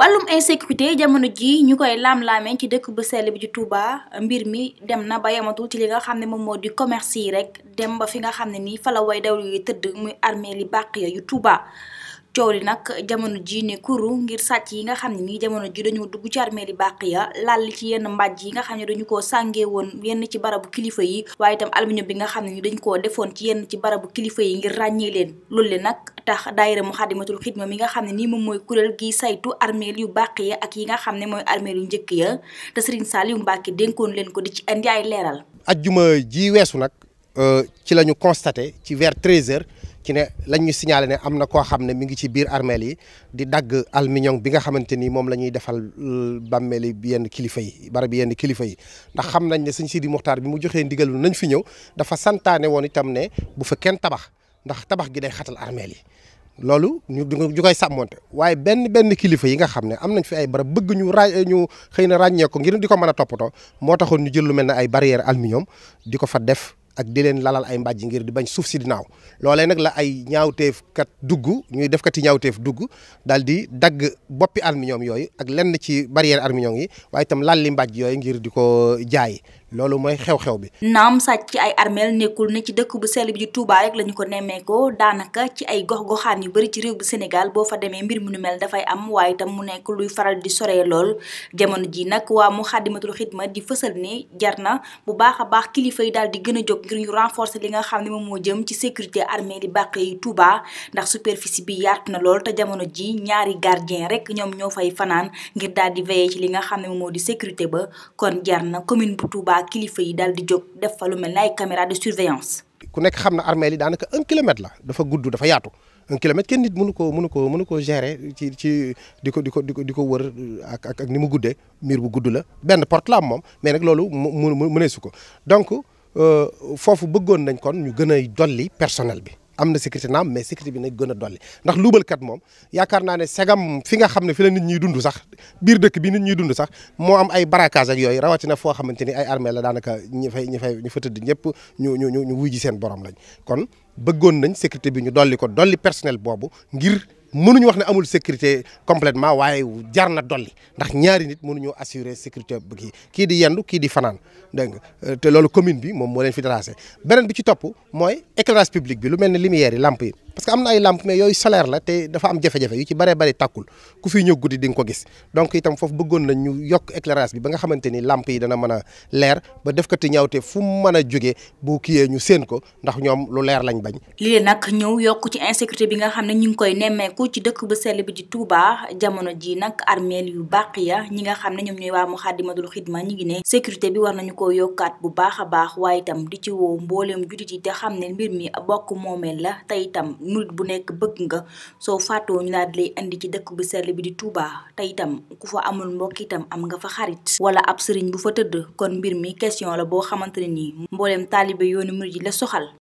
wàllum insécurité jamono ji ñu koy laam-laamee ci dëkk bu sell bi ci Touba mbir mi dem na ba yematul ci li nga xam ne moom moo di commerce yi rek dem fi nga xam ne nii fala way daw yu tëdd muy armée li bàq ya yu Touba coow li nag jamono ji ne kuru ngir sàcc yi nga xam ne nii jamono ji dañoo dugg ci armée li bàq ya lal ci yenn mbàjj yi nga xam ne dañu ko sàngee woon yenn ci barabu kilifa yi waaye itam aluminium bi nga xam ne ni dañu koo defoon ci yenn ci barabu kilifa yi ngir ràññee leen loolu le nag tax daayira Muxaddamatul Xidma mi nga xam ne nii moom mooy kuréel gi saytu armeel yu bàq ya ak yi nga xam ne mooy armeel yu njëkk ya te Serigne Saliou Mbacke dénkoon leen ko di ci indi ay leeral. ajjuma ji weesu nag euh, ci la ñu constaté ci vers 13h ci ne lañ ñu signalé ne am na koo xam ne mi ngi ci biir armeel yi di dagg aluminium bi nga xamante ni moom la ñuy defal euh, bàmmeeli yenn kilifa yi barab yenn kilifa yi ndax xam nañ ne sëñ Sidi Muxtaar bi mu joxee ndigalul nañ fi ñëw dafa santaane woon itam ne bu tabax. ndax tabax gi day xatal armeel yi loolu ñu ñu koy sàmmonte waaye benn benn kilifa yi nga xam ne am nañ fi ay barab bëgg ñu ra ñu xëy na ràññee ko ngir di ko mën a toppatoo moo taxoon ñu jël lu mel ne ay barrière aluminium di ko fa def ak di leen lalal ay mbàjj ngir di bañ suuf si di naaw loolee nag la ay ñaawteef kat dugg ñuy def kati ñaawteef dugg daal di dagg boppi aluminium yooyu ak lenn ci barrière aluminium yi waaye tam lal li mbàjj yooyu ngir di ko jaay loolu mooy xew-xew bi. naam sàcc ci ay armeel nekkul ne ci dëkk bu sell bi di Touba rek la ñu ko nemmeekoo daanaka ci ay gox-goxaan yu bëri ci réew bu Sénégal boo fa demee mbir mu nu mel dafay am waaye itam mu nekk luy faral di soree lool jamono ji nag waa mu xàddimatul xidma di fësal ne jar na bu baax a baax kilifa yi daal di gën a jóg ngir ñu renforcer li nga xam ne moom moo jëm ci sécurité armeel yi bàq yi Touba ndax superficie bi yaatu na lool te jamono ji ñaari gardien rek ñoom ñoo fay fanaan ngir daal di veiller ci li nga xam ne moo di sécurité ba kon jar na commune bu Touba kilifa yi daal di jóg def fa lu mel ne ay caméra de surveillance. ku nekk xam na armée li daanaka un kilomètre la dafa gudd dafa yaatu un kilomètre kenn nit mënu ko mënu ko mënu ko gérer ci ci di ko di ko di ko wër ak ak ni mu guddee miir bu gudd la benn porte la moom mais nag loolu mu mu su ko donc euh, foofu bëggoon nañ kon ñu gën a dolli personnel bi. am na sécurité naam mais sécurité bi nag gën a dolli ndax luubalkat moom yaakaar naa ne segam fi nga xam ne fi la nit ñuy dund sax biir dëkk bi nit ñuy dund sax moo am ay barakaas ak yooyu rawatina foo xamante ni ay armeel la daanaka ñi fay ñi fay ñu fa tëdd ñëpp ñu ñu ñu wuy ji seen borom lañ kon bëggoon nañ sécurité bi ñu dolli ko dolli personnel boobu ngir mënuñu wax ne amul sécurité completement waaye jar na dolli ndax ñaari nit mënuñu assurer sécurité bi kii di yendu kii di fanaan dégg nga euh, te loolu commune bi moom moo leen fi beneen bi ci topp mooy éclairage public bi lu mel ni lumière yi lamp yi parce que am na ay làmp mais yooyu salaire la te dafa am jafe-jafe yu ci bare bëri tàkkul ku fi ñëw guddi di nga ko gis donc itam foofu bëggoon nañ ñu yokk éclairage bi ba nga xamante ni làmp yi dana mën a leer ba def kati ñaawte fu mu mën a jógee bu kiyee ñu séen ko ndax ñoom lu leer lañ bañ lii nag ñëw yokk ci insécurité bi nga xam ne ñu ngi koy nemmeeku ci dëkk bu sell bi di Touba jamono ji nag armeel yu bàq ya ñi nga xam ne ñoom ñooy waa Muxaddamatul Xidma ñi ngi ne sécurité bi war nañu ko yokkaat bu baax a baax waaye itam ci mbooleem jullit yi te xam ne mbir mi bokk moomeel la te itam murit bu nekk bëgg nga soo faatoo ñu laa lay indi ci dëkku bu sell bi di Touba tey itam ku fa amul mbokk itam am nga fa xarit wala ab sëriñ bu fa tëdd kon mbir mi question la boo xamante ne nii mbooleem taalibe yoonu murit yi la soxal